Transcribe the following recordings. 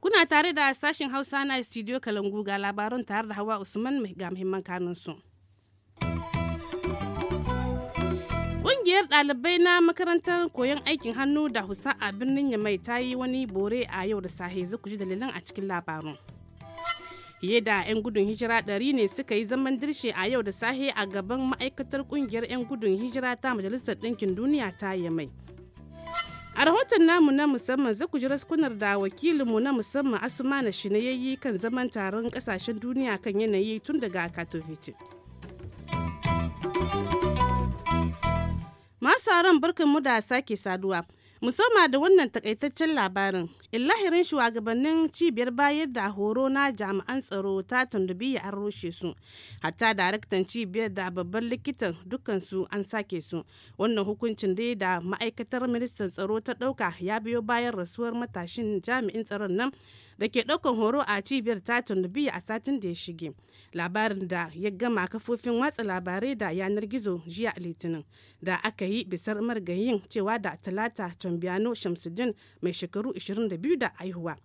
Kuna tare da sashen Hausa na studio Kalangu ga labarun tare da Hawa Usman ga muhimman kanunsu. Ƙungiyar ɗalibai na makarantar koyon aikin hannu da husa a birnin Yamai ta yi wani bore a yau da sahe zuku ji dalilan a cikin labarun. fiye da 'yan gudun hijira ɗari ne suka yi zaman dirshe a yau da sahe a gaban ma'aikatar kungiyar 'yan gudun hijira ta majalisar ɗinkin duniya ta yamai a rahoton namu na musamman za ku ji raskunar da wakilinmu na musamman asuma na yayi kan zaman taron kasashen duniya kan yanayi tun daga katovici masu aron barkan da sake saduwa mu soma da wannan takaitaccen labarin illahirin shugabannin cibiyar bayar da horo na jami'an tsaro ta tundubi an rushe su hatta daraktan cibiyar da babban likitan dukansu an sake su wannan hukuncin dai da ma'aikatar ministan tsaro ta dauka ya biyo bayan rasuwar matashin jami'in tsaron nan da ke ɗaukar horo a cibiyar ta biyu a satin da ya shige labarin da ya gama kafofin watsa labarai da yanar gizo jiya litinin da aka yi bisar margayin cewa da talata tambiano shamsuddin mai shekaru 22 da aihuwa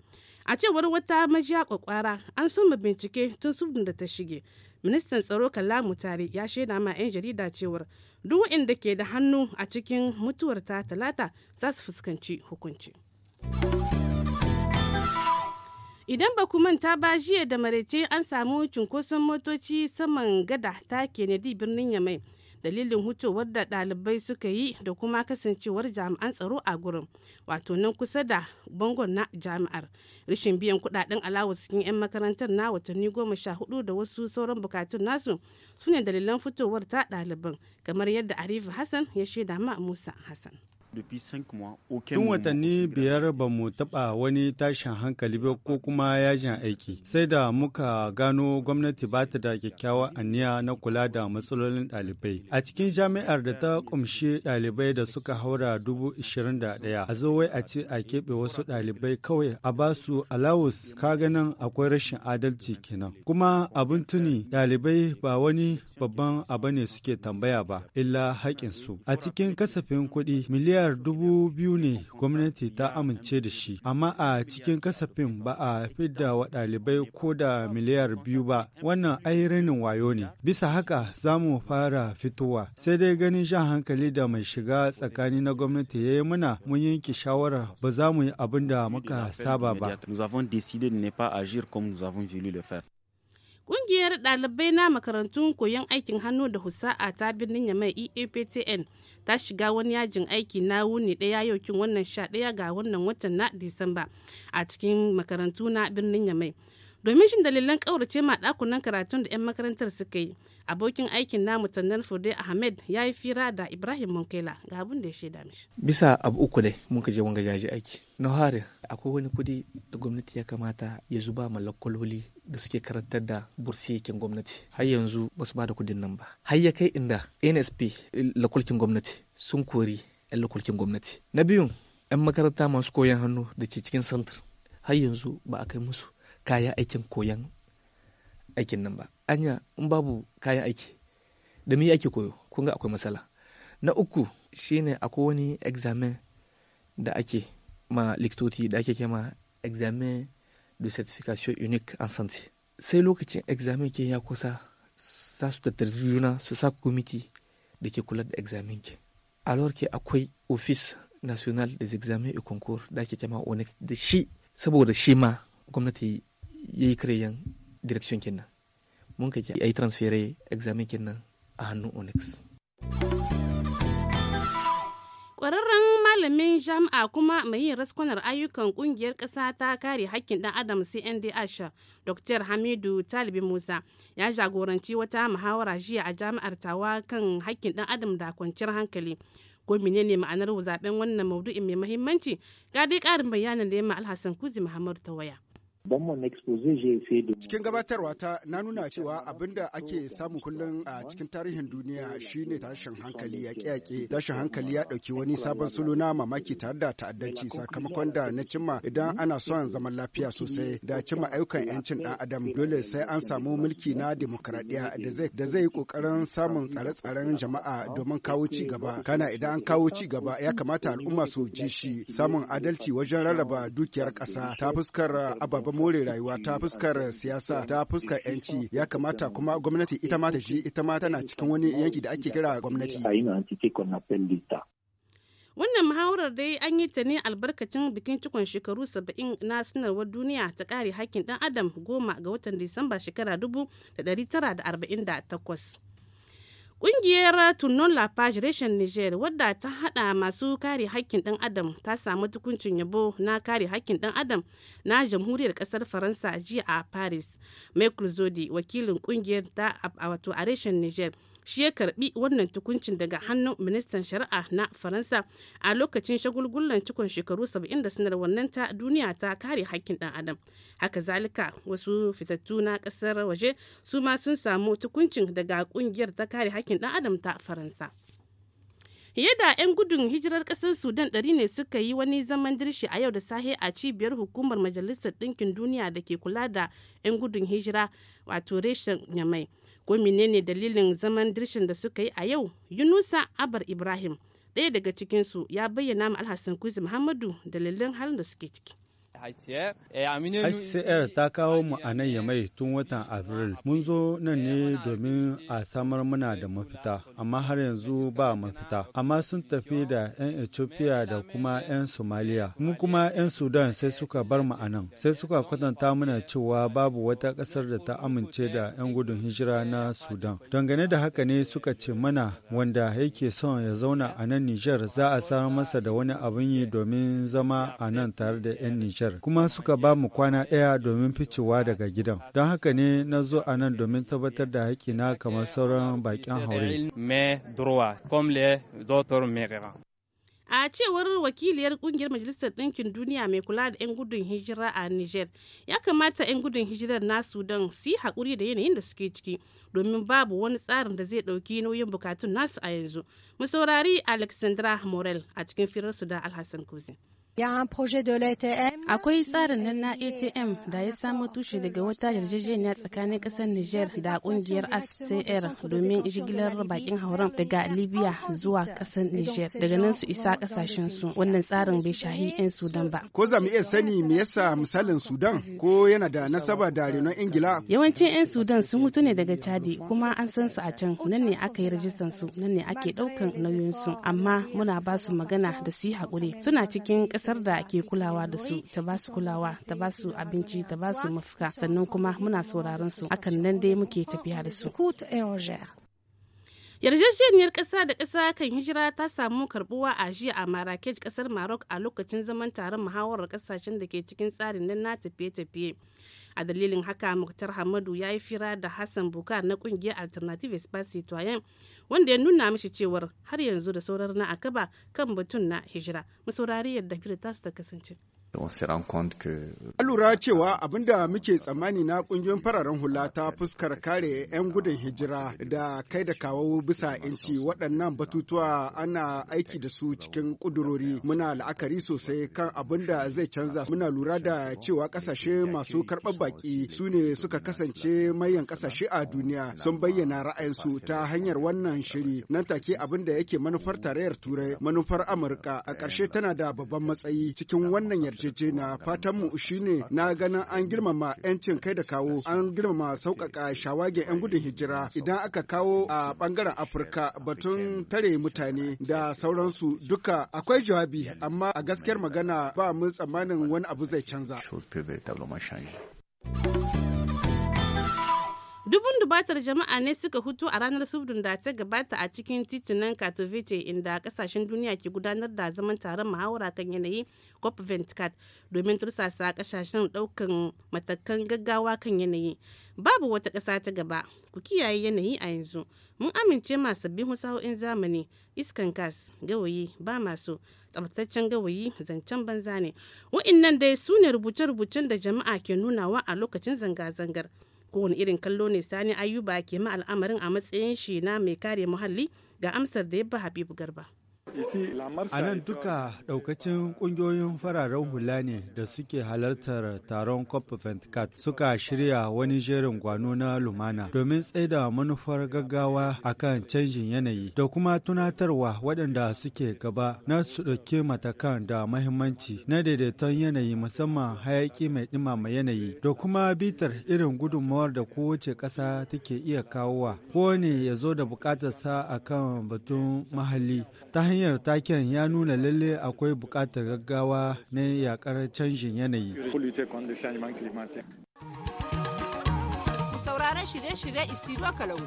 a cewar wata majiya kwakwara an soma bincike tun subin da ta shige ministan tsaro kalamu tare ya shaida ma 'yan jarida cewar duk waɗanda ke da hannu a cikin mutuwar ta talata za su fuskanci hukunci. Idan ba ku manta ba jiya da maraice an samu cunkoson motoci saman gada ta Kennedy birnin Yamai. dalilin hucewar da ɗalibai suka yi da kuma kasancewar jami'an tsaro a gurin wato nan kusa da bangon na jami'ar rashin biyan kudaden alawar cikin 'yan makarantar na watanni goma sha hudu da wasu sauran bukatun nasu su ne dalilan fitowar ta ɗaliban kamar yadda arifu hassan ya shaida ma musa hassan Tun watanni biyar ba mu taɓa wani tashin hankali ba ko kuma yajin aiki. Sai da muka gano gwamnati ba ta da kyakkyawar aniya na kula da matsalolin ɗalibai. A cikin jami'ar da ta ƙumshi ɗalibai da suka haura dubu ishirin da ɗaya. A zo wai a ce a keɓe wasu ɗalibai kawai a ba su alawus ka ganin akwai rashin adalci kenan. Kuma abin tuni ɗalibai ba wani babban abu ne suke tambaya ba illa haƙƙinsu. A cikin kasafin kuɗi miliyar miliyar dubu biyu ne gwamnati ta amince da shi, amma a cikin kasafin ba a fidda wa ɗalibai ko da miliyar biyu ba, wannan ai wayo ne. Bisa haka za mu fara fitowa, sai dai ganin shan hankali da mai shiga tsakani na gwamnati ya yi muna mun yanke shawara ba za mu yi abin da muka saba ba. Ƙungiyar ɗalibai na makarantun koyon aikin hannu da husa'a ta birnin Yamai EAPTN ta shiga wani yajin aiki na wuni daya yau wannan sha daya ga wannan watan na disamba a cikin makarantu na birnin yamai domin shin dalilan kaurace ma dakunan karatun da 'yan makarantar suka yi abokin aikin namu tannan fude ahmed ya yi fira da ibrahim munkaila ga abin da ya shaida mishi bisa abu uku ne mun je wanga jaji aiki na hari akwai wani kudi da gwamnati ya kamata ya zuba ma lakkwaloli da suke karantar da bursiyakin gwamnati har yanzu ba su ba da kudin nan ba har ya kai inda nsp lakulkin gwamnati sun kori 'yan lakulkin gwamnati na biyun 'yan makaranta masu koyon hannu da ke cikin santar har yanzu ba a kai musu kayan aikin koyon aikin nan ba anya in babu kayan aiki da me ake koyo kun ga akwai matsala na uku shine akwai wani examen da ake ma likitoci da ake kema examen de certification unique en santé. C'est l'eau qui tient examen qui est à ça. Ça, c'est le tribunal, c'est ça, comité de chocolat d'examen. Alors que y quoi, Office national des examens et concours, d'Akitama, on est de chi, ça vaut schéma, comme tu y es créé, hein, direction qui est là. Mon cas, il y a transféré examen qui est à nous, on est. Quoi, malamin jami'a kuma mai yin raskwanar ayyukan kungiyar ƙasa ta kare hakkin ɗan adam cndh dr hamidu talibi musa ya jagoranci wata muhawara jiya a jami'ar tawa kan hakkin ɗan adam da kwanciyar hankali ko ne ma'anar zaben wannan maudu'in mai mahimmanci? ga dai ƙarin bayanin da ya ma alhassan kuzi muhammadu ta waya Cikin gabatarwa ta na nuna cewa abinda ake samu kullum a cikin tarihin duniya shine tashin hankali ya yaƙe tashin hankali ya ɗauki wani sabon suluna na mamaki tare da ta'addanci sakamakon da na cimma idan ana son zaman lafiya sosai da cimma ayyukan yancin ɗan adam dole sai an samu mulki na demokradiyya da zai da zai kokarin samun tsare-tsaren jama'a domin kawo ci gaba kana idan an kawo ci gaba ya kamata al'umma su ji shi samun adalci wajen rarraba dukiyar ƙasa ta fuskar ababen sakamakon more rayuwa ta fuskar siyasa ta fuskar yanci ya kamata kuma gwamnati ita ma ta shi ita ma tana cikin wani yanki da ake kira gwamnati. Wannan muhawarar dai an yi ta ne albarkacin bikin cikon shekaru 70 na sanarwar duniya ta kare hakkin dan adam goma ga watan Disamba shekara 1948. Ƙungiyar Tunon page reshen Niger wadda ta hada masu kare hakkin dan Adam ta samu tukuncin yabo na kare hakkin dan Adam na jamhuriyar kasar Faransa jiya a Paris. Michael Zodi wakilin ƙungiyar ta a a reshen Niger shi ya karbi wannan tukuncin daga hannun ministan shari'a na faransa a lokacin shagulgullan cikon shekaru 70 da sanarwar nan ta duniya ta kare hakkin dan adam haka zalika wasu fitattu na kasar waje su ma sun samu tukuncin daga kungiyar ta kare hakkin dan adam ta faransa fiye da 'yan gudun hijirar kasar sudan ɗari ne suka yi wani zaman dirshi a yau da sahe a cibiyar hukumar majalisar ɗinkin duniya da ke kula da 'yan gudun hijira wato reshen yamai ko menene dalilin zaman dirshin da suka yi a yau yunusa abar ibrahim ɗaya daga cikinsu ya bayyana ma alhassan kuzi muhammadu dalilin halin da suke ciki hcr eh, eh, ta kawo mu a nan yamai tun watan afril mun zo nan ne domin a samar muna da mafita amma har yanzu ba mafita amma sun tafi da 'yan ethiopia da kuma 'yan somalia mun kuma 'yan sudan sai suka bar mu a nan sai suka kwatanta mana cewa babu wata ƙasar da ta amince da 'yan gudun hijira na sudan dangane da haka ne suka ce mana wanda yake son ya zauna a nan nijar za a samar masa da wani abin yi domin zama a nan tare da 'yan nijar. ƙasar kuma suka ba mu kwana ɗaya domin ficewa daga gidan. Don haka ne na zo a nan domin tabbatar da haƙƙina kamar sauran baƙin haure. a cewar wakiliyar kungiyar majalisar ɗinkin duniya mai kula da 'yan gudun hijira a niger ya kamata 'yan gudun hijirar na sudan su yi haƙuri da yanayin da suke ciki domin babu wani tsarin da zai ɗauki nauyin bukatun nasu a yanzu mu saurari alexandra morel a cikin firarsu da alhassan kuzi Akwai tsarin nan na ATM da ya samu tushe daga wata yarjejeniya tsakanin kasar niger da ƙungiyar ASCR domin jigilar bakin hauren daga Libya zuwa kasar niger daga nan su isa kasashen su. Wannan tsarin bai shahi 'yan Sudan ba. Ko za mu iya sani me yasa misalin Sudan ko yana da nasaba da renon Ingila? Yawancin 'yan Sudan sun mutu ne daga Chadi kuma an san su a can nan ne aka yi rajistan su nan ne ake ɗaukan nauyin su amma muna ba su magana da su yi haƙuri suna cikin kasar da ke kulawa da su ta ba su kulawa ta ba su abinci ta ba su mafuka sannan kuma muna sauraron su akan nan dai muke tafiya da su yarjejeniyar ƙasa da ƙasa kan hijira ta samu karbuwa a jiya a marrakech ƙasar maroc a lokacin zaman taron muhawarar ƙasashen da ke cikin tsarin nan na tafiye-tafiye a dalilin haka muktar hamadu ya yi fira da hassan bukar na ƙungiyar alternative espace wanda ya nuna mishi cewar har yanzu da saurar na akaba kan batun na hijira mu saurari yadda ta su ta kasance An lura cewa abinda muke tsammani na kungiyoyin fararen hula ta fuskar kare 'yan gudun hijira da kai da kawo bisa inci waɗannan batutuwa ana aiki da su cikin ƙudurori muna la'akari sosai kan abin da zai canza muna lura da cewa ƙasashe masu karɓar baƙi su ne suka kasance mayan ƙasashe a duniya sun bayyana ra'ayinsu ta hanyar wannan shiri nan take abin da yake manufar tarayyar turai manufar amurka a ƙarshe tana da babban matsayi cikin wannan yarda fatan fatanmu shine na ganin an girmama 'yancin kai da kawo an girmama sauƙaƙa shawage 'yan gudun hijira idan aka kawo a bangaren afirka batun tare mutane da sauransu duka akwai jawabi amma a gaskiyar magana ba mu tsammanin wani abu zai canza. Dubun dubatar jama'a ne suka hutu a ranar Subdun da ta gabata a cikin titunan Katowice inda kasashen duniya ke gudanar da zaman taron muhawara kan yanayi COP24 domin tursasa kasashen daukan matakan gaggawa kan yanayi. Babu wata ƙasa ta gaba, ku kiyaye yanayi a yanzu. Mun amince ma sabbin husaho'in zamani, iskan gas, gawayi, ba masu, tsabtaccen gawayi, zancen banza ne. Wa'innan dai su ne rubuce-rubucen da jama'a ke nunawa a lokacin zanga-zangar. kowane irin kallo ne sani ayuba ke ma al'amarin a matsayin shi na mai kare muhalli ga amsar da ya ba habibu garba A nan duka daukacin uh, kungiyoyin fararen hula ne da suke halartar taron COP24 suka shirya wani jerin gwano na lumana domin tsaida manufar gaggawa akan canjin yanayi da kuma tunatarwa waɗanda suke gaba na su ɗauki matakan da mahimmanci na daidaiton yanayi musamman hayaƙi mai ɗimama yanayi da kuma bitar irin gudunmawar da kowace ƙasa take iya kawowa ko ne ya zo da buƙatarsa akan batun mahalli ta hanyar hanyar taken ya nuna lalle akwai bukatar gaggawa na yakar canjin yanayi. Sauraron shirye-shirye istiro Kalau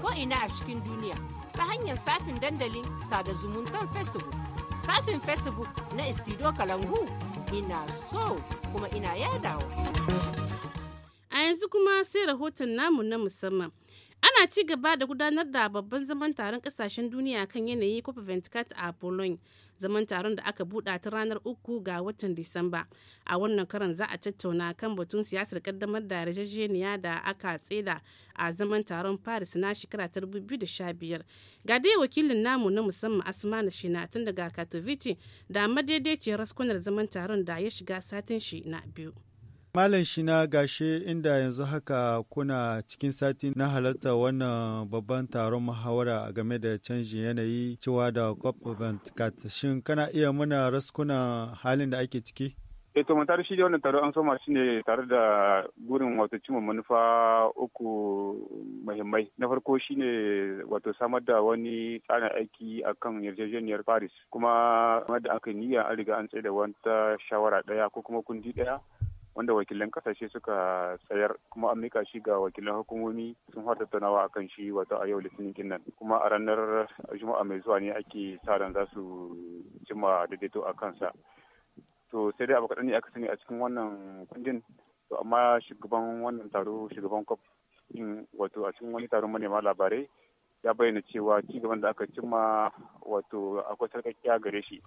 ko ina a cikin duniya ta hanyar safin dandalin sada zumuntar Facebook. Safin Facebook na istiro Kalangu ina so kuma ina yadawa. A yanzu kuma sai rahoton namu na musamman. ana ci gaba da gudanar da babban zaman taron kasashen duniya kan yanayi cop24 a boulogne zaman taron da aka buɗa ta ranar uku ga watan disamba a wannan karan za a tattauna kan batun siyasar kaddamar da yarjejeniya da aka tseda a zaman taron paris na shekara ta 2015 ga dai wakilin namu na musamman asmana shina tun daga katowice da madaidaiciyar raskunar zaman taron da ya shiga satin shi na biyu Malam Shina gashe inda yanzu haka kuna cikin sati na halarta wannan babban taron muhawara game da canjin yanayi cewa da COP24. Shin kana iya muna raskunan halin da ake ciki? E to tare shi da wannan taro an soma shi ne tare da gurin wato cimma manufa uku muhimmai na farko shine wato samar da wani tsarin aiki a kan yarjejeniyar paris kuma da aka niyya an riga an tsaye da wata shawara daya ko kuma kundi daya wanda wakilan kasashe suka tsayar kuma an mika shi ga wakilan hukumomi sun har tattaunawa akan shi wato a yau litinin nan kuma a ranar juma'a mai zuwa ne ake sa ran za su cimma daidaito a kansa to sai dai abu kaɗan ne aka sani a cikin wannan kundin to amma shugaban wannan taro shugaban kwaf din wato a cikin wani taron manema labarai ya bayyana cewa cigaban da aka cimma wato akwai sarƙaƙiya gare shi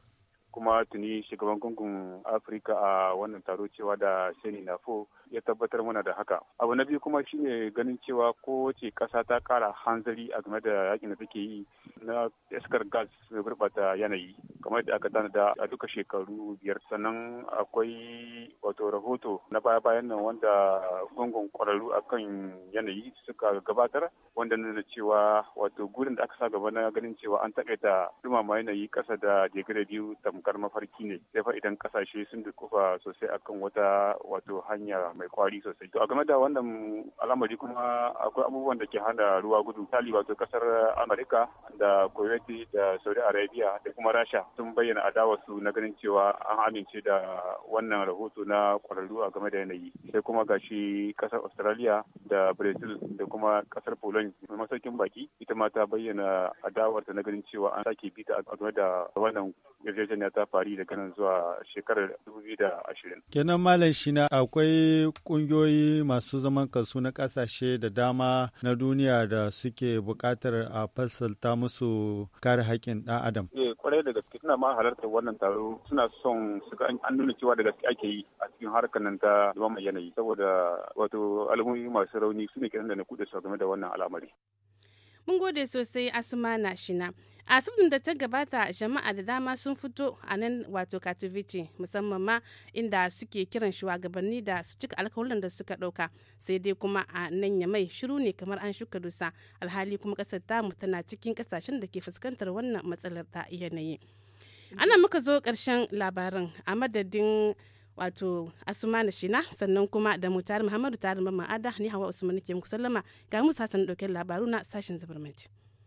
kuma tuni shugaban gungun afirka a wannan taro cewa da na fo ya tabbatar mana da haka abu na biyu kuma shine ganin cewa ko ce kasa ta kara hanzari a game da yakin da take yi na iskar gas mai gurbata yanayi kamar da aka tanada a duka shekaru biyar sannan akwai wato rahoto na baya-bayan nan wanda gungun ƙwararru akan yanayi suka gabatar wanda nuna cewa wato gurin da aka sa gaba na ganin cewa an takaita dumama yanayi ƙasa da digiri biyu tamkar mafarki ne sai fa idan kasashe sun dukufa sosai akan wata wato hanya mai kwari sosai to a game da wannan al'amari kuma akwai abubuwan da ke hana ruwa gudu misali wato kasar amerika da kuwaiti da saudi arabia da kuma rasha sun bayyana adawarsu su na ganin cewa an amince da wannan rahoto na kwararru a game da yanayi sai kuma gashi kasar australia da brazil da kuma kasar poland mai masaukin baki ita ma ta bayyana adawarta na ganin cewa an sake bita a game da wannan yarjejeniya ta fari daga nan zuwa shekarar 2020. Kenan Malam Shina akwai kungiyoyi masu zaman kansu na kasashe da dama na duniya da suke buƙatar a fasalta musu kare haƙƙin ɗan adam. Eh kwarai da gaske suna ma halartar wannan taro suna son su ga an nuna cewa da gaske ake yi a cikin harkar nan ta mai yanayi saboda wato al'ummomi masu rauni su ne kenan da na kuɗe su game da wannan al'amari. mun gode sosai asuma na shina a sabbin da ta gabata jama'a da dama sun fito a nan wato katowice musamman ma inda suke kiran shugabanni da su cika alkawarin da suka dauka sai dai kuma a nan ya mai shiru ne kamar an shuka dusa alhali kuma kasar tamu tana cikin kasashen da ke fuskantar wannan matsalar ta yanayi ana muka zo karshen labarin a madadin wato asumana shina sannan kuma da mutar muhammadu tarin ada ni hawa usman nake muku sallama ga musa sanin dauke labaru na sashen zabarmanci.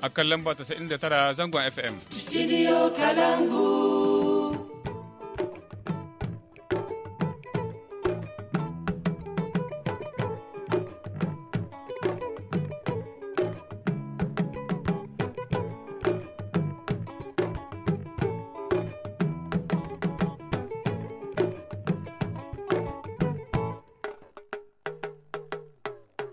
a kallon lamba 99 zangon FM. Studio Kalangu.